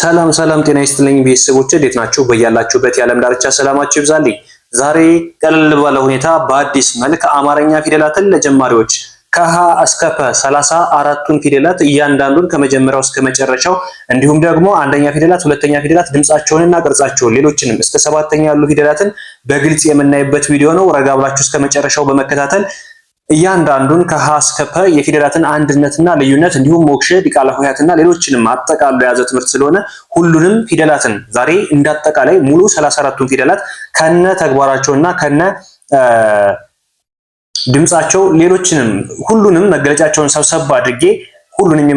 ሰላም ሰላም፣ ጤና ይስጥልኝ ቤተሰቦች እንዴት ናችሁ? በያላችሁበት የዓለም ዳርቻ ሰላማችሁ ይብዛልኝ። ዛሬ ቀለል ባለ ሁኔታ በአዲስ መልክ አማርኛ ፊደላትን ለጀማሪዎች ከሀ እስከ ፐ ሰላሳ አራቱን ፊደላት እያንዳንዱን ከመጀመሪያው እስከ መጨረሻው እንዲሁም ደግሞ አንደኛ ፊደላት፣ ሁለተኛ ፊደላት ድምጻቸውንና ቅርጻቸውን ሌሎችንም እስከ ሰባተኛ ያሉ ፊደላትን በግልጽ የምናይበት ቪዲዮ ነው። ረጋ ብላችሁ እስከ መጨረሻው በመከታተል እያንዳንዱን ከሀ እስከ ፐ የፊደላትን አንድነትና ልዩነት እንዲሁም ሞክሼ ዲቃላ ሆሄያትና ሌሎችንም አጠቃሎ የያዘ ትምህርት ስለሆነ ሁሉንም ፊደላትን ዛሬ እንዳጠቃላይ ሙሉ 34ቱን ፊደላት ከነ ተግባራቸውና ከነ ድምጻቸው ሌሎችንም ሁሉንም መገለጫቸውን ሰብሰብ አድርጌ ሁሉንም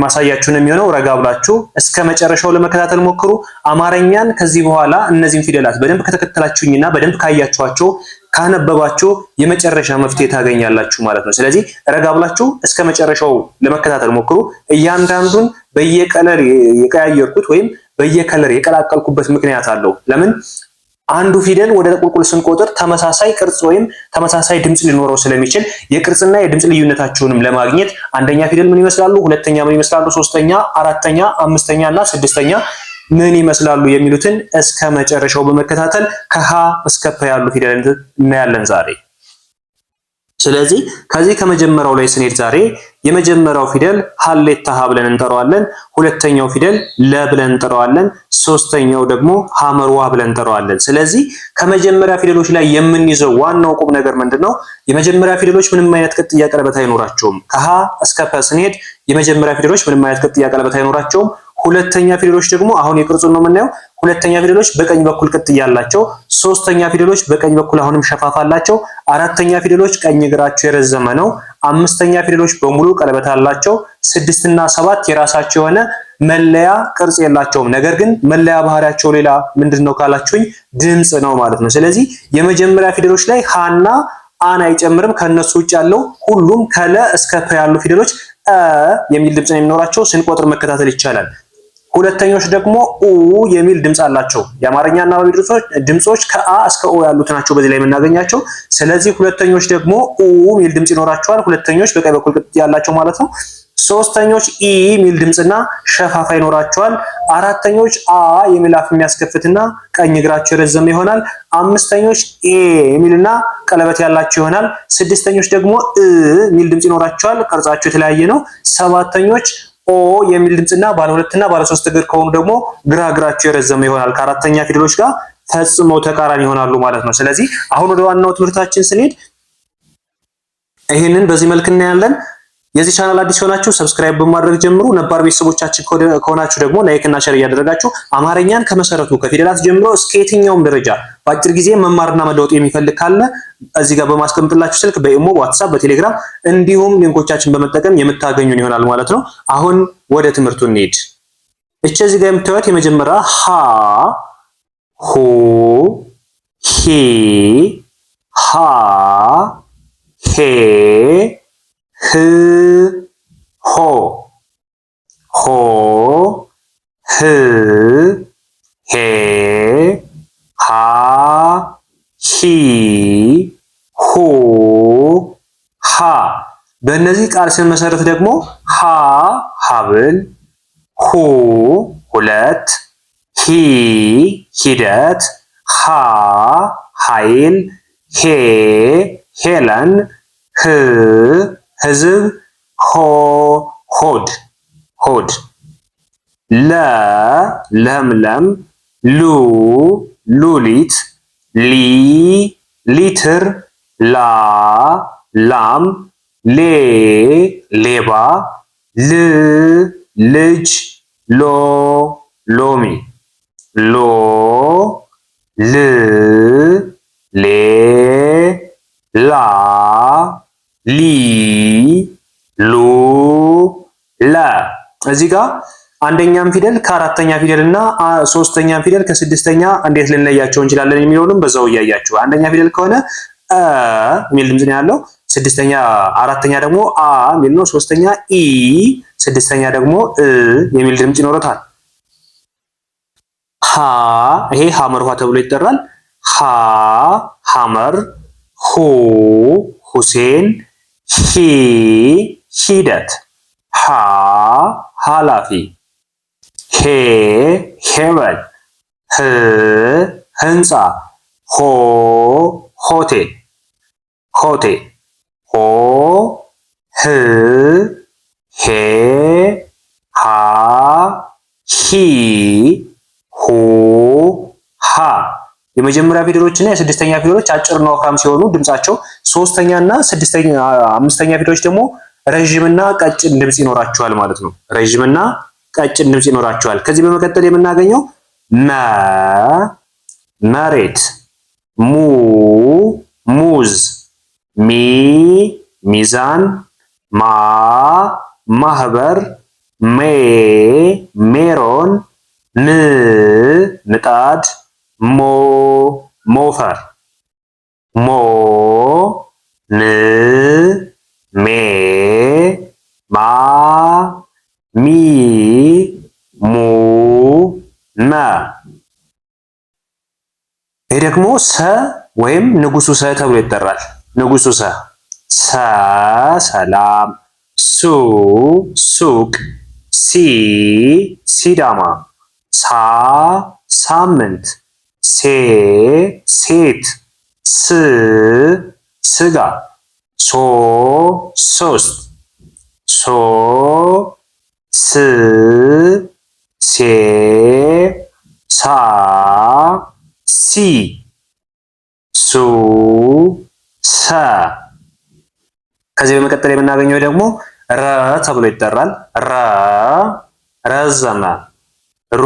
ነው የሚሆነው ረጋ ብላችሁ እስከ መጨረሻው ለመከታተል ሞክሩ። አማርኛን ከዚህ በኋላ እነዚህን ፊደላት በደንብ ከተከተላችሁኝና በደንብ ካያችኋቸው ካነበባችሁ የመጨረሻ መፍትሄ ታገኛላችሁ ማለት ነው። ስለዚህ ረጋ ብላችሁ እስከ መጨረሻው ለመከታተል ሞክሩ። እያንዳንዱን በየቀለር የቀያየርኩት ወይም በየከለር የቀላቀልኩበት ምክንያት አለው። ለምን አንዱ ፊደል ወደ ቁልቁል ስንቆጥር ተመሳሳይ ቅርጽ ወይም ተመሳሳይ ድምፅ ሊኖረው ስለሚችል የቅርጽና የድምፅ ልዩነታቸውንም ለማግኘት አንደኛ ፊደል ምን ይመስላሉ፣ ሁለተኛ ምን ይመስላሉ፣ ሶስተኛ፣ አራተኛ፣ አምስተኛ እና ስድስተኛ ምን ይመስላሉ የሚሉትን እስከ መጨረሻው በመከታተል ከሀ እስከ ፐ ያሉ ፊደላት እናያለን ዛሬ። ስለዚህ ከዚህ ከመጀመሪያው ላይ ስንሄድ ዛሬ የመጀመሪያው ፊደል ሀሌታ ሀ ብለን እንጠራዋለን። ሁለተኛው ፊደል ለ ብለን እንጠራዋለን። ሶስተኛው ደግሞ ሀመርዋ ብለን እንጠራዋለን። ስለዚህ ከመጀመሪያ ፊደሎች ላይ የምንይዘው ዋናው ቁም ነገር ምንድን ነው? የመጀመሪያ ፊደሎች ምንም አይነት ቅጥያ ቀለበት አይኖራቸውም። ከሀ እስከ ፐ ስንሄድ የመጀመሪያ ፊደሎች ምንም አይነት ቅጥያ ቀለበት አይኖራቸውም። ሁለተኛ ፊደሎች ደግሞ አሁን የቅርጹን ነው የምናየው። ሁለተኛ ፊደሎች በቀኝ በኩል ቅጥያ ያላቸው ሶስተኛ ፊደሎች በቀኝ በኩል አሁንም ሸፋፍ አላቸው። አራተኛ ፊደሎች ቀኝ እግራቸው የረዘመ ነው። አምስተኛ ፊደሎች በሙሉ ቀለበት አላቸው። ስድስትና ሰባት የራሳቸው የሆነ መለያ ቅርጽ የላቸውም። ነገር ግን መለያ ባህሪያቸው ሌላ ምንድን ነው ካላችሁኝ ድምፅ ነው ማለት ነው። ስለዚህ የመጀመሪያ ፊደሎች ላይ ሃና አን አይጨምርም። ከነሱ ውጭ ያለው ሁሉም ከለ እስከ ፐ ያሉ ፊደሎች የሚል ድምፅ ነው የሚኖራቸው። ስንቆጥር መከታተል ይቻላል። ሁለተኞች ደግሞ ኡ የሚል ድምፅ አላቸው። የአማርኛ እና ድምፆች ከአ እስከ ኦ ያሉት ናቸው በዚህ ላይ የምናገኛቸው። ስለዚህ ሁለተኞች ደግሞ ኡ የሚል ድምፅ ይኖራቸዋል። ሁለተኞች በቀኝ በኩል ቅጥ ያላቸው ማለት ነው። ሶስተኞች ኢ የሚል ድምፅና ሸፋፋ ይኖራቸዋል። አራተኞች አ የሚል አፍ የሚያስከፍትና ቀኝ እግራቸው የረዘመ ይሆናል። አምስተኞች ኤ የሚልና ቀለበት ያላቸው ይሆናል። ስድስተኞች ደግሞ እ የሚል ድምፅ ይኖራቸዋል። ቅርጻቸው የተለያየ ነው። ሰባተኞች ኦ የሚል ድምፅና ባለ ሁለትና ባለ ሶስት እግር ከሆኑ ደግሞ ግራ እግራቸው የረዘመ ይሆናል። ከአራተኛ ፊደሎች ጋር ፈጽመው ተቃራኒ ይሆናሉ ማለት ነው። ስለዚህ አሁን ወደ ዋናው ትምህርታችን ስንሄድ ይህንን በዚህ መልክ እናያለን። የዚህ ቻናል አዲስ የሆናችሁ ሰብስክራይብ በማድረግ ጀምሩ። ነባር ቤተሰቦቻችን ከሆናችሁ ደግሞ ላይክ እና ሸር እያደረጋችሁ አማርኛን ከመሰረቱ ከፊደላት ጀምሮ እስከ የትኛውም ደረጃ በአጭር ጊዜ መማርና መለወጥ የሚፈልግ ካለ እዚህ ጋር በማስቀምጥላችሁ ስልክ በኢሞ በዋትሳፕ በቴሌግራም እንዲሁም ሊንኮቻችን በመጠቀም የምታገኙን ይሆናል ማለት ነው። አሁን ወደ ትምህርቱ እንሄድ። እቺ እዚህ ጋር የምታዩት የመጀመሪያ ሀ ሁ ሂ ሀ ሄ ህ በእነዚህ ቃል ስንመሰርት ደግሞ ሀ ሀብል፣ ሁ ሁለት፣ ሂ ሂደት፣ ሀ ኃይል፣ ሄ ሄለን፣ ህ ህዝብ፣ ሆ ሆድ ሆድ፣ ለ ለምለም፣ ሉ ሉሊት፣ ሊ ሊትር፣ ላ ላም ሌ ሌባ፣ ል ልጅ፣ ሎ ሎሚ፣ ሎ ል ሌ ላ ሊ ሉ ለ እዚህ ጋር አንደኛም ፊደል ከአራተኛ ፊደል እና ሶስተኛም ፊደል ከስድስተኛ እንዴት ልንለያቸው እንችላለን የሚለውንም በዛው እያያችሁ አንደኛ ፊደል ከሆነ እ የሚል ድምጽ ነው ያለው ስድስተኛ አራተኛ ደግሞ አ የሚል ነው። ሶስተኛ ኢ፣ ስድስተኛ ደግሞ እ የሚል ድምጽ ይኖረታል። ሀ ይሄ ሀመር ውሃ ተብሎ ይጠራል። ሀ ሐመር፣ ሁ ሁሴን፣ ሂ ሂደት፣ ሀ ኃላፊ፣ ሄ ሄበል፣ ህ ህንፃ፣ ሆ ሆቴ ሆቴ ሆ ህ ሄ ሃ ሂ ሁ ሃ የመጀመሪያ ፊደሎችና የስድስተኛ ፊደሎች አጭርና ወፍራም ሲሆኑ ድምጻቸው ሶስተኛና ስድስተኛ አምስተኛ ፊደሎች ደግሞ ረዥምና ቀጭን ድምጽ ይኖራቸዋል ማለት ነው። ረዥምና ቀጭን ድምጽ ይኖራቸዋል። ከዚህ በመቀጠል የምናገኘው መ መሬት፣ ሙ ሙዝ ሚ ሚዛን ማ ማህበር ሜ ሜሮን ን ምጣድ ሞ ሞፈር ሞ ን ሜ ማ ሚ ሙ መ ይህ ደግሞ ሰ ወይም ንጉሱ ሰ ተብሎ ይጠራል። ንጉሱ ሰ ሰ ሰላም ሱ ሱቅ ሲ ሲዳማ ሳ ሳምንት ሴ ሴት ስ ስጋ ሶ ሶስት ሶ ስ ሴ ሳ ሲ ሱ ሰ ከዚህ በመቀጠል የምናገኘው ደግሞ ረ ተብሎ ይጠራል። ረ ረዘመ፣ ሩ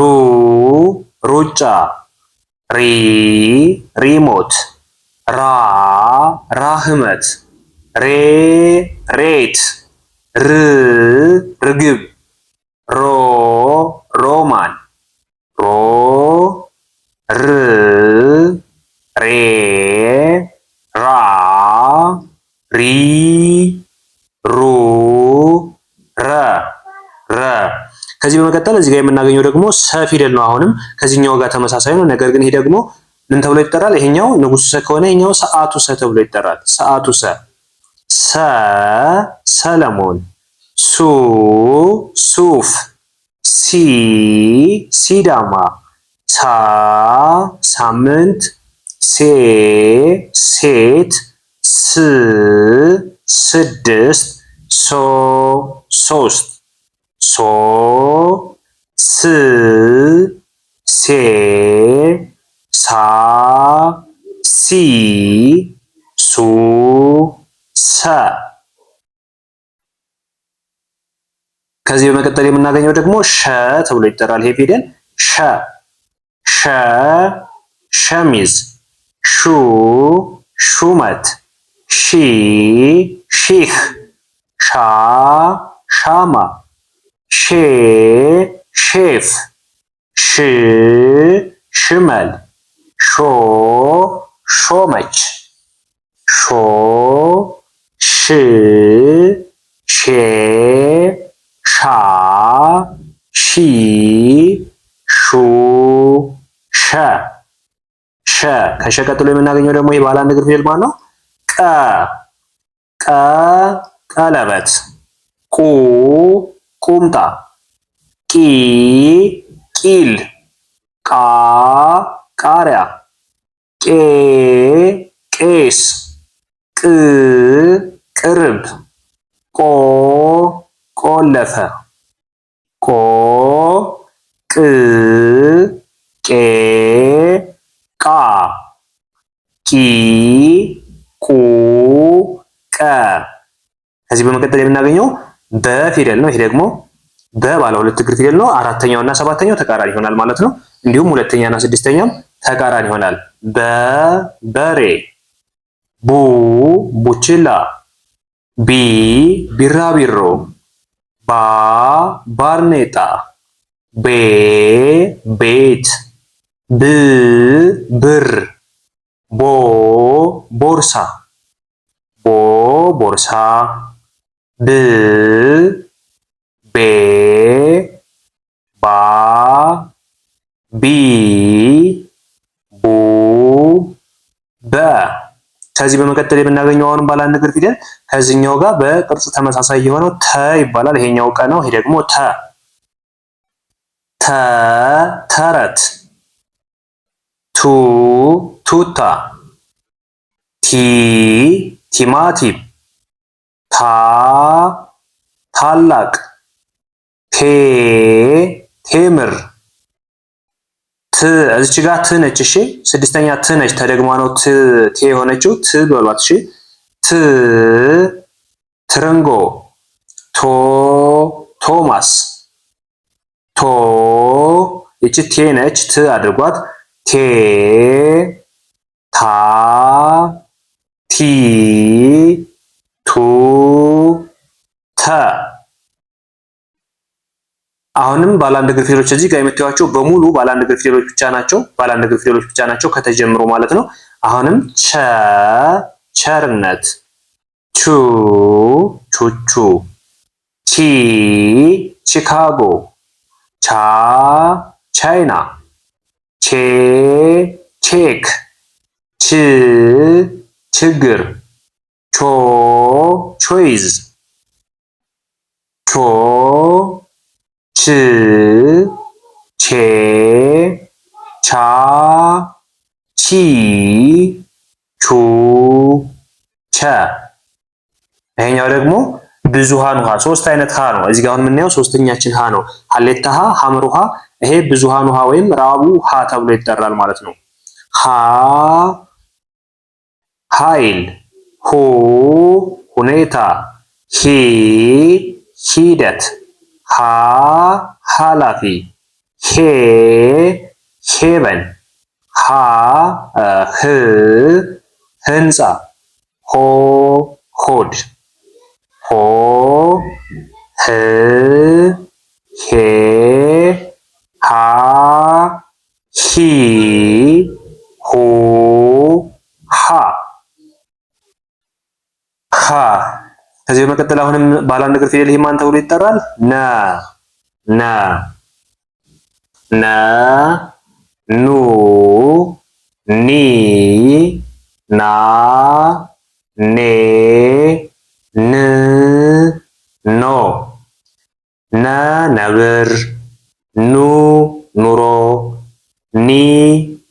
ሩጫ፣ ሪ ሪሞት፣ ራ ራህመት፣ ሬ ሬት፣ ር ርግብ፣ ሮ ሮማን፣ ሮ ር ከዚህ በመቀጠል እዚህ ጋር የምናገኘው ደግሞ ሰ ፊደል ነው። አሁንም ከዚህኛው ጋር ተመሳሳይ ነው። ነገር ግን ይሄ ደግሞ ምን ተብሎ ይጠራል? ይሄኛው ንጉሱ ሰ ከሆነ ይሄኛው ሰዓቱ ሰ ተብሎ ይጠራል። ሰዓቱ ሰ ሰ ሰለሞን፣ ሱ ሱፍ፣ ሲ ሲዳማ፣ ሳ ሳምንት፣ ሴ ሴት፣ ስ ስድስት፣ ሶ ሶስት ሶ ስ ሴ ሳ ሲ ሱ ሰ። ከዚህ በመቀጠል የምናገኘው ደግሞ ሸ ተብሎ ይጠራል። ይሄ ፊደል ሸ ሸ ሸሚዝ፣ ሹ ሹመት፣ ሺ ሺህ፣ ሻ ሻማ ሼ ሼፍ ሽ ሽመል ሾ ሾመች ሾ ሽ ሼ ሻ ሺ ሹ ሸ ሸ ከሸ ቀጥሎ የምናገኘው ደግሞ ይህ ባለ አንድ እግር ፊደል ማለት ነው። ቀ ቀ ቀለበት ቁ ቁምጣ ቂ ቂል ቃ ቃሪያ ቄ ቄስ ቅ ቅርብ ቆ ቆለፈ ቆ ቅ ቄ ቃ ቂ ቁ ቀ ከዚህ በመቀጠል የምናገኘው በፊደል ነው። ይሄ ደግሞ በባለ ሁለት እግር ፊደል ነው። አራተኛው እና ሰባተኛው ተቃራኒ ይሆናል ማለት ነው። እንዲሁም ሁለተኛ እና ስድስተኛም ተቃራኒ ይሆናል። በበሬ፣ ቡ ቡችላ፣ ቢ ቢራቢሮ፣ ባ ባርኔጣ፣ ቤ ቤት፣ ብ ብር፣ ቦ ቦርሳ፣ ቦ ቦርሳ ብ ቤ ባ ቢ ቡ በ። ከዚህ በመቀጠል የምናገኘው አሁንም ባለ አንድ እግር ፊደል ከዚህኛው ጋር በቅርጽ ተመሳሳይ የሆነው ተ ይባላል። ይሄኛው ቀ ነው። ይሄ ደግሞ ተ ተ ተረት ቱ ቱታ ቲ ቲማቲም ታ ታላቅ ቴ ቴምር ት እዚች ጋር ት ነች። እሺ ስድስተኛ ት ነች። ተደግማ ነው ት ቴ የሆነችው ት በሏት። እሺ ት ትርንጎ ቶ ቶማስ ቶ ይቺ ቴ ነች። ት አድርጓት ቴ ታ ቲ አሁንም ባለአንድ እግር ፊደሎች እዚህ ጋር የምታዩቸው በሙሉ ባለአንድ እግር ፊደሎች ብቻ ናቸው። ባለአንድ እግር ፊደሎች ብቻ ናቸው ከተጀምሮ ማለት ነው። አሁንም ቸ ቸርነት፣ ቹ ቹቹ፣ ቺ ቺካጎ፣ ቻ ቻይና፣ ቼ ቼክ፣ ች ችግር፣ ቾ ቾይዝ ቾ ች ቼ ቻ ቺ ቹ ቸ። ይሄኛው ደግሞ ብዙሃን ውሃ ሶስት አይነት ሃ ነው። እዚህ ጋር አሁን የምናየው ሶስተኛችን ሃ ነው። ሀሌታ ሃ፣ ሐመር ሃ። ይሄ ብዙሃን ውሃ ወይም ራቡ ሃ ተብሎ ይጠራል ማለት ነው። ሃ ኃይል፣ ሁ ሁኔታ፣ ሂ ሂደት ሀ ሀላፊ ሄ ሄበን ሀ ህ ህንፃ ሆ ሆድ ሆ ህ ሄ ሃ ሂ በመቀጠል አሁንም ባለ እግር ፊደል ይሄ ማን ተብሎ ይጠራል? ነ ነ ነ ኑ ኒ ና ኔ ን ኖ ነ ነብር ኑ ኑሮ ኒ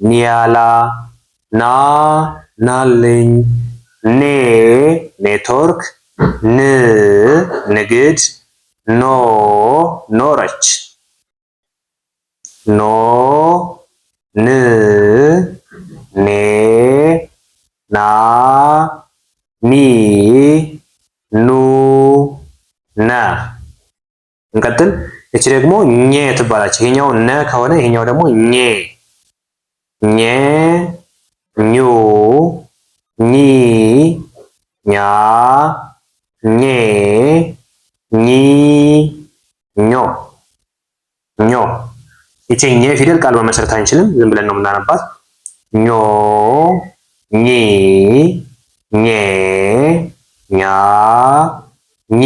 ኒያላ ና ናልኝ ኔ ኔትወርክ ን ንግድ ኖ ኖረች ኖ ን ኔ ና ኒ ኑ ነ እንቀጥል። እቺ ደግሞ ኘ ትባላች። ይሄኛው ነ ከሆነ ይሄኛው ደግሞ ኘ ኘ ኙ ኒ ኛ ኜ ኚ ኞ ኞ ይቺ ኘ ፊደል ቃል መመስረት አንችልም። ዝም ብለን ነው የምናነባት። ኞ ኚ ኘ ኛ ኚ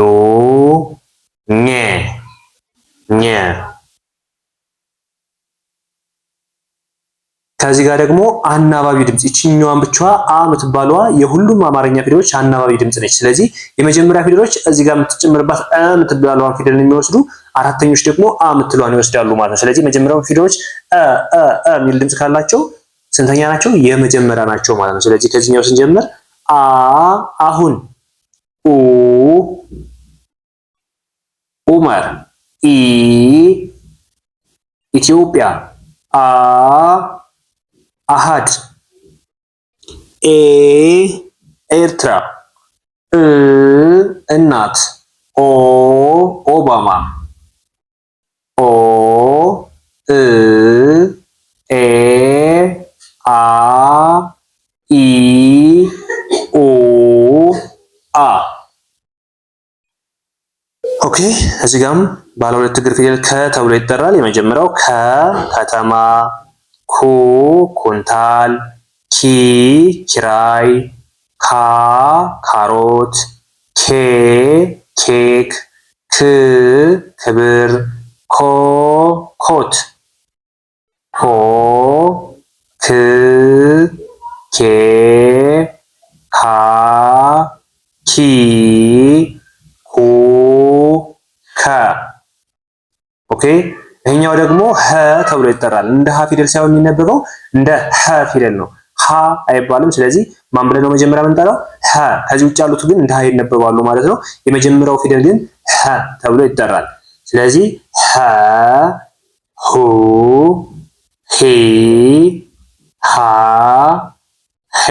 ኙ ኘ ኘ ጋር ደግሞ አናባቢ ድምጽ ይችኛዋን ብቻዋ አ የምትባለዋ የሁሉም አማርኛ ፊደሎች አናባቢ ድምጽ ነች። ስለዚህ የመጀመሪያ ፊደሎች እዚህ ጋር የምትጨምርባት አ የምትባለዋን ፊደል የሚወስዱ አራተኞች ደግሞ አ የምትሏን ይወስዳሉ ማለት ነው። ስለዚህ የመጀመሪያው ፊደሎች አ አ አ የሚል ድምጽ ካላቸው ስንተኛ ናቸው? የመጀመሪያ ናቸው ማለት ነው። ስለዚህ ከዚህኛው ስንጀምር አ አሁን፣ ኡ ኡመር፣ ኢ ኢትዮጵያ፣ አ አሃድ ኤ ኤርትራ እ እናት ኦ ኦባማ ኦ እ ኤ አ ኢ ኡ አ ኦኬ። እዚህ ጋም ባለ ሁለት እግር ፊደል ከ ተብሎ ይጠራል። የመጀመሪያው ከ ከተማ ኩ ኩንታል፣ ኪ ኪራይ፣ ካ ካሮት፣ ኬ ኬክ፣ ክ ክብር፣ ኮ ኮት። ሆ ክ ኬ ካ ኪ ደግሞ ሀ ተብሎ ይጠራል። እንደ ሀ ፊደል ሳይሆን የሚነበበው እንደ ሀ ፊደል ነው። ሀ አይባልም። ስለዚህ ማን ብለን ነው መጀመሪያ የምንጠራው? ሀ። ከዚህ ውጭ ያሉት ግን እንደ ሀ ይነበባሉ ማለት ነው። የመጀመሪያው ፊደል ግን ሀ ተብሎ ይጠራል። ስለዚህ ሀ፣ ሁ፣ ሂ፣ ሃ፣ ሀ፣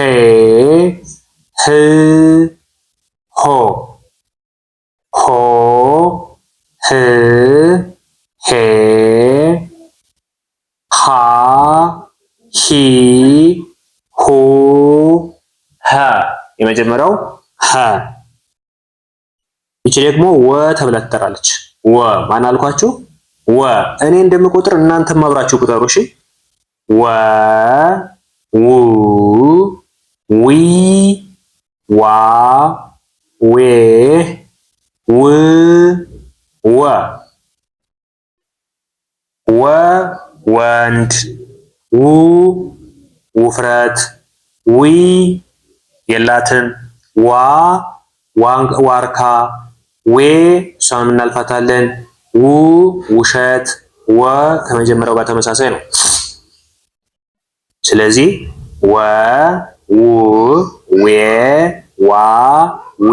ሆ፣ ሆ፣ ህ ሄ ሃ ሂ ሁ ሀ የመጀመሪያው ሀ ይቺ ደግሞ ወ ተብላ ትጠራለች። ወ ማን አልኳችሁ? ወ እኔ እንደምቆጥር እናንተም አብራችሁ ቁጠሩ። እሺ ወ ው ዊ ዋ ዌ ው ወ ወ ወንድ ው ውፍረት ዊ የላትም ዋ ዋርካ ዌ እሷን እናልፋታለን። ው ውሸት ወ ከመጀመሪያው ጋር ተመሳሳይ ነው። ስለዚህ ወ ው ዌ ዋ ዊ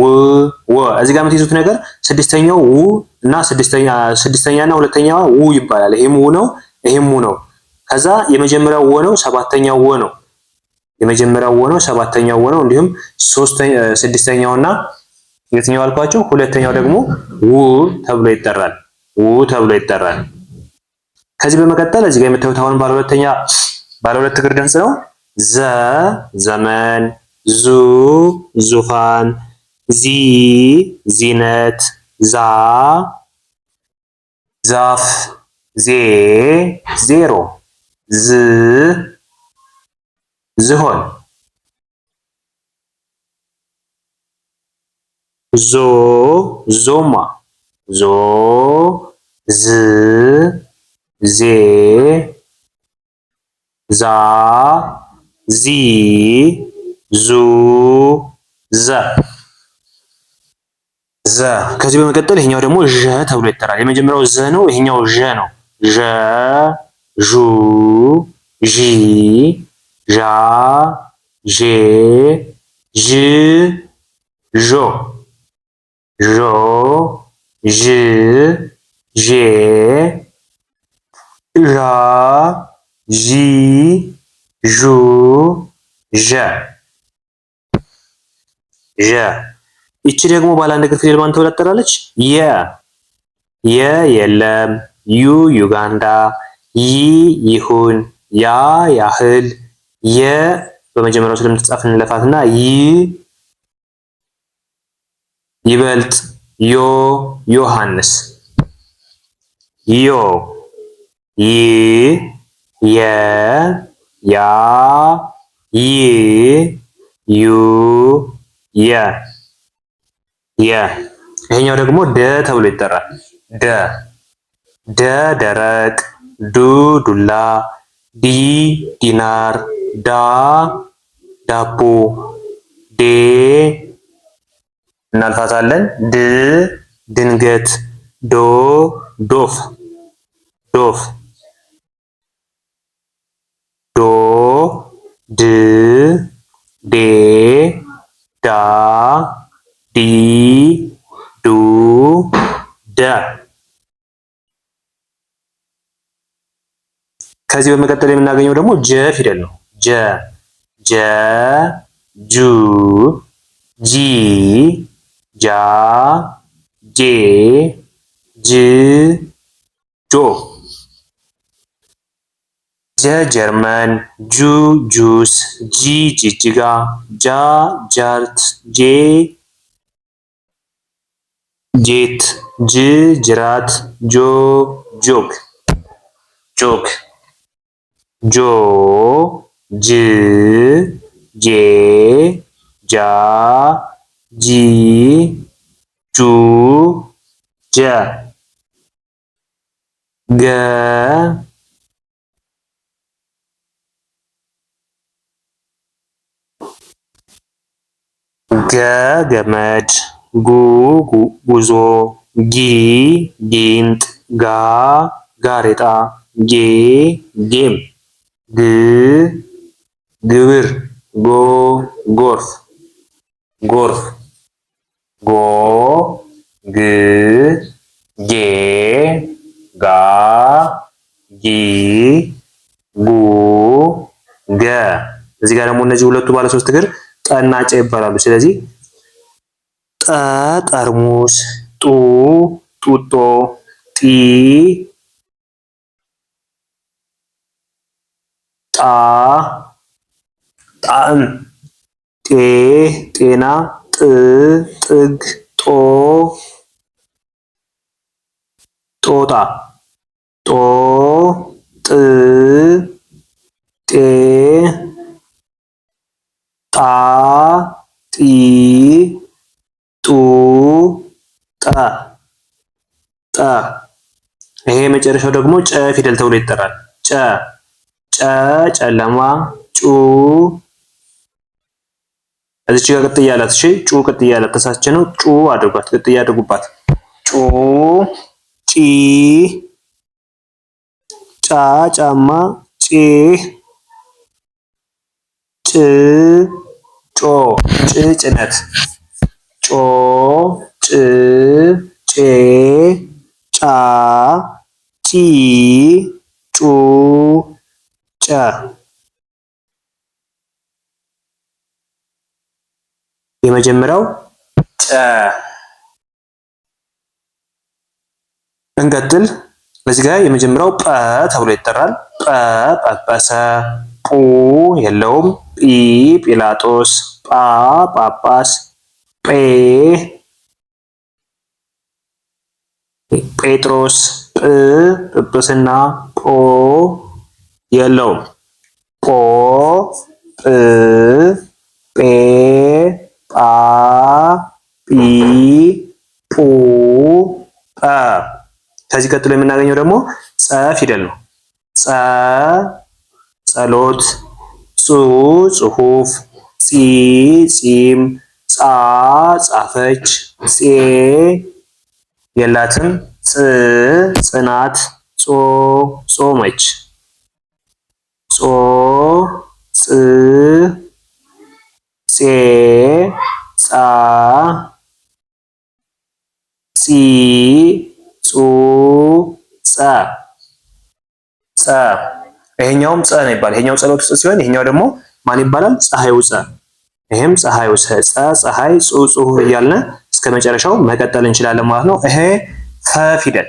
ው እዚህ ጋር የምትይዙት ነገር ስድስተኛው ው እና ስድስተኛ ስድስተኛና ሁለተኛዋ ው ይባላል። ይሄም ው ነው፣ ይሄም ው ነው። ከዛ የመጀመሪያው ወ ነው፣ ሰባተኛው ወ ነው። የመጀመሪያው ወ ነው፣ ሰባተኛው ወ ነው። እንዲሁም ሶስተኛ ስድስተኛውና የትኛው አልኳቸው? ሁለተኛው ደግሞ ው ተብሎ ይጠራል። ው ተብሎ ይጠራል። ከዚህ በመቀጠል እዚህ ጋር የምታዩት አሁን ባለ ሁለተኛ ባለ ሁለት እግር ድምጽ ነው። ዘ ዘመን፣ ዙ ዙፋን ዚ ዚነት ዛ ዛፍ ዜ ዜሮ ዝ ዝሆን ዞ ዞማ ዞ ዝ ዜ ዛ ዚ ዙ ዘ ዘ። ከዚህ በመቀጠል ይሄኛው ደግሞ ዠ ተብሎ ይጠራል። የመጀመሪያው ዘ ነው። ይሄኛው ዠ ነው። ዠ፣ ዡ፣ ዢ፣ ዣ፣ ዤ፣ ዥ፣ ዦ፣ ዦ፣ ዥ፣ ዤ፣ ዣ፣ ዢ፣ ዡ፣ ዠ ዠ ይቺ ደግሞ ባለ አንድ እግር ፊደል ማን ተብላ የ የ የለም፣ ዩ ዩጋንዳ፣ ይ ይሁን፣ ያ ያህል፣ የ በመጀመሪያው ስለምትጻፍ እንለፋትና ይ ይበልጥ፣ ዮ ዮሐንስ፣ ዮ ይ የ ያ ይ ዩ የ የ ይሄኛው ደግሞ ደ ተብሎ ይጠራል። ደ ደ ደረቅ፣ ዱ ዱላ፣ ዲ ዲናር፣ ዳ ዳቦ፣ ዴ እናልፋታለን። ድ ድንገት፣ ዶ ዶፍ ዶፍ ዶ ድ ዴ ዳ ዲ ዱ ደ ከዚህ በመቀጠል የምናገኘው ደግሞ ጀ ፊደል ነው። ጀ ጀ ጁ ጂ ጃ ጄ ጅ ጆ ጀ ጀርመን፣ ጁ ጁስ፣ ጂ ጅጅጋ፣ ጃ ጃርት፣ ጄ जेथ ज जरात जो जोक चोक जो ज जे जा जी चू ज ग ग गमट ጉ ጉዞ ጊ ጊንጥ ጋ ጋሬጣ ጌ ጌም ግ ግብር ጎ ጎርፍ ጎርፍ ጎ ግ ጌ ጋ ጊ ጉ ገ እዚህ ጋር ደግሞ እነዚህ ሁለቱ ባለ ሶስት እግር ጠናጫ ይባላሉ። ስለዚህ ጠ ጠርሙስ፣ ጡ ጡጦ፣ ጢ ጣ ጣዕም፣ ጤ ጤና፣ ጥ ጥግ፣ ጦ ጦጣ፣ ጦ ጥ ጤ ጣ ጢ ጣ ጣ። ይሄ መጨረሻው ደግሞ ጨ ፊደል ተብሎ ይጠራል። ጨ ጨ ጨለማ፣ ጩ እዚች ጋር ቅጥያ አላት። እሺ ጩ ቅጥያ አላት። ተሳስቼ ነው። ጩ አድርጓት፣ ቅጥያ አድርጉባት። ጩ ጪ ጫ ጫማ፣ ጪ ጭ ጮ ጭ ጭነት ጮ ጭ ጬ ጫ ጪ ጩ ጨ የመጀመሪያው ጨ እንቀጥል። በዚህ ጋር የመጀመሪያው ጰ ተብሎ ይጠራል። ጰ ጰሰ፣ ጱ የለውም፣ ጲ ጲላጦስ፣ ጳ ጳጳስ፣ ጴ ጴጥሮስ ጵ ጵጵስና ጶ የለውም። ጶ ጵ ጴ ጳ ጲ ጱ ጰ። ከዚህ ቀጥሎ የምናገኘው ደግሞ ጸ ፊደል ነው። ጸ ጸሎት፣ ጹ ጽሁፍ፣ ጺ ጺም፣ ጻ ጻፈች፣ ጼ የላትም። ጽ ጽናት ጾ ጾመች ጾ ጽ ጼ ጻ ጺ ጹ ጸ ጸ ይሄኛውም ጸ ነው ይባላል። ይሄኛው ጸሎት ውስጥ ሲሆን ይሄኛው ደግሞ ማን ይባላል? ፀሐይ ውፀ። ይሄም ፀሐይ ውፀ ፀ ፀሐይ ጹ ጽሁፍ እያልን እስከ መጨረሻው መቀጠል እንችላለን ማለት ነው። ይሄ ፈ ፊደል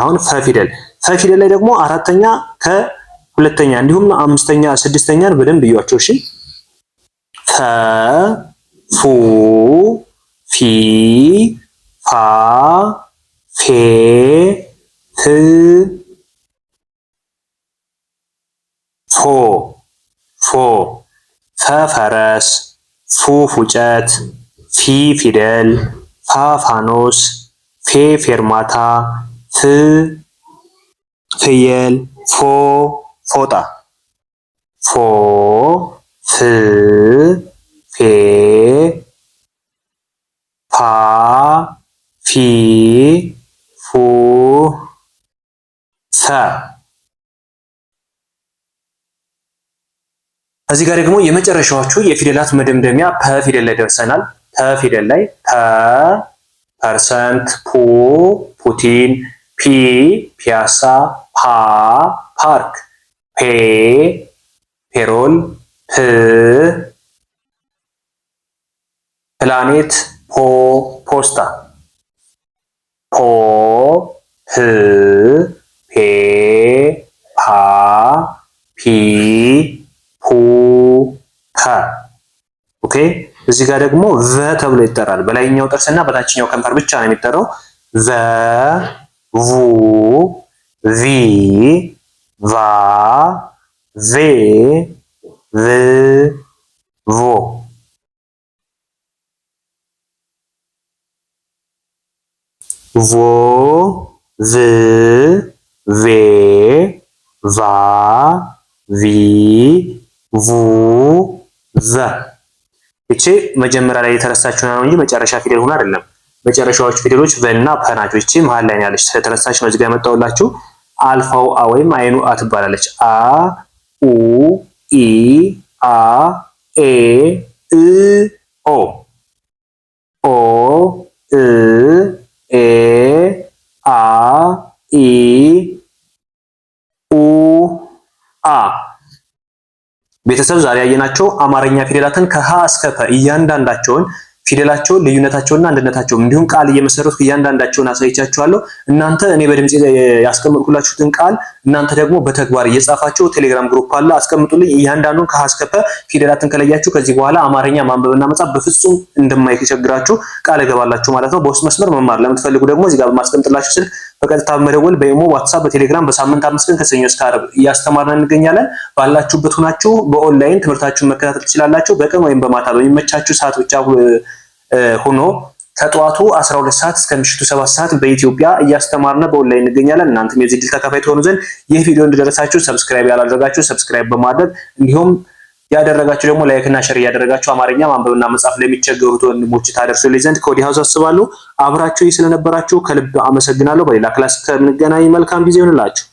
አሁን ፈ ፊደል ፈ ፊደል ላይ ደግሞ አራተኛ ከሁለተኛ እንዲሁም አምስተኛ ስድስተኛን በደንብ እዩዋቸው። እሺ ፈ ፉ ፊ ፋ ፌ ፍ ፎ ፎ ፈ ፈረስ ፉ ፉጨት ፊ ፊደል ፋፋኖስ፣ ፌ ፌርማታ፣ ፍ ፍየል፣ ፎ ፎጣ ፎ ፍ ፌ ፓ ፊ ፉ ፈ። እዚህ ጋር ደግሞ የመጨረሻዎቹ የፊደላት መደምደሚያ ፐ ፊደል ላይ ደርሰናል። ተፊደል ላይ ፐ ፐርሰንት፣ ፑ ፑቲን፣ ፒ ፒያሳ፣ ፓ ፓርክ፣ ፔ ፔሮል፣ ፕ ፕላኔት፣ ፖ ፖስታ፣ ፖ ፕ ፔ ፓ ፒ ፑ ፐ ኦኬ እዚህ ጋር ደግሞ ቨ ተብሎ ይጠራል። በላይኛው ጥርስና በታችኛው ከንፈር ብቻ ነው የሚጠራው። ቨ ቩ ቪ ቫ ቬ ቭ ቮ ቮ ቭ ቬ ቫ ቪ ቩ ቨ ይቺ መጀመሪያ ላይ የተረሳችው ነው እንጂ መጨረሻ ፊደል ሆና አይደለም። መጨረሻዎች ፊደሎች ቨና ፐ ናቸው። ይቺ መሀል ላይ ያለች ስለተረሳች ነው እዚህ ጋር የመጣሁላችሁ። አልፋው አ ወይም አይኑ አ ትባላለች። አ ኡ ኢ አ ኤ እ ኦ ኦ እ ኤ አ ኢ ኡ አ ቤተሰብ ዛሬ ያየናቸው አማርኛ ፊደላትን ከሀ እስከ ፐ እያንዳንዳቸውን ፊደላቸውን ልዩነታቸውና አንድነታቸው እንዲሁም ቃል እየመሰረቱ እያንዳንዳቸውን አሳይቻችኋለሁ። እናንተ እኔ በድምጽ ያስቀምጥኩላችሁትን ቃል እናንተ ደግሞ በተግባር እየጻፋችሁ ቴሌግራም ግሩፕ አለ አስቀምጡልኝ። እያንዳንዱን ከሀ እስከ ፐ ፊደላትን ከለያችሁ ከዚህ በኋላ አማርኛ ማንበብና መጻፍ በፍጹም እንደማይቸግራችሁ ቃል እገባላችሁ ማለት ነው። በውስጥ መስመር መማር ለምትፈልጉ ደግሞ እዚህ ጋር በማስቀምጥላችሁ ስልክ በቀጥታ መደወል በኢሞ ዋትሳፕ፣ በቴሌግራም በሳምንት አምስት ቀን ከሰኞ እስከ ዓርብ እያስተማርን እንገኛለን። ባላችሁበት ሆናችሁ በኦንላይን ትምህርታችሁን መከታተል ትችላላችሁ። በቀን ወይም በማታ በሚመቻችሁ ሰዓት ብቻ ሆኖ ከጠዋቱ 12 ሰዓት እስከ ምሽቱ 7 ሰዓት በኢትዮጵያ እያስተማርነ በኦንላይን እንገኛለን። እናንተም የዚህ ድል ተካፋይ ትሆኑ ዘንድ ይህ ቪዲዮ እንደደረሳችሁ ሰብስክራይብ ያላደረጋችሁ ሰብስክራይብ በማድረግ እንዲሁም ያደረጋችሁ ደግሞ ላይክ እና ሸር እያደረጋችሁ አማርኛ ማንበብና መጻፍ ለሚቸገሩት ወንድሞች ታደርሱልኝ ዘንድ ከወዲህ አሳስባለሁ። አብራችሁ ስለነበራችሁ ከልብ አመሰግናለሁ። በሌላ ክላስ ከምንገናኝ መልካም ጊዜ ይሆንላችሁ።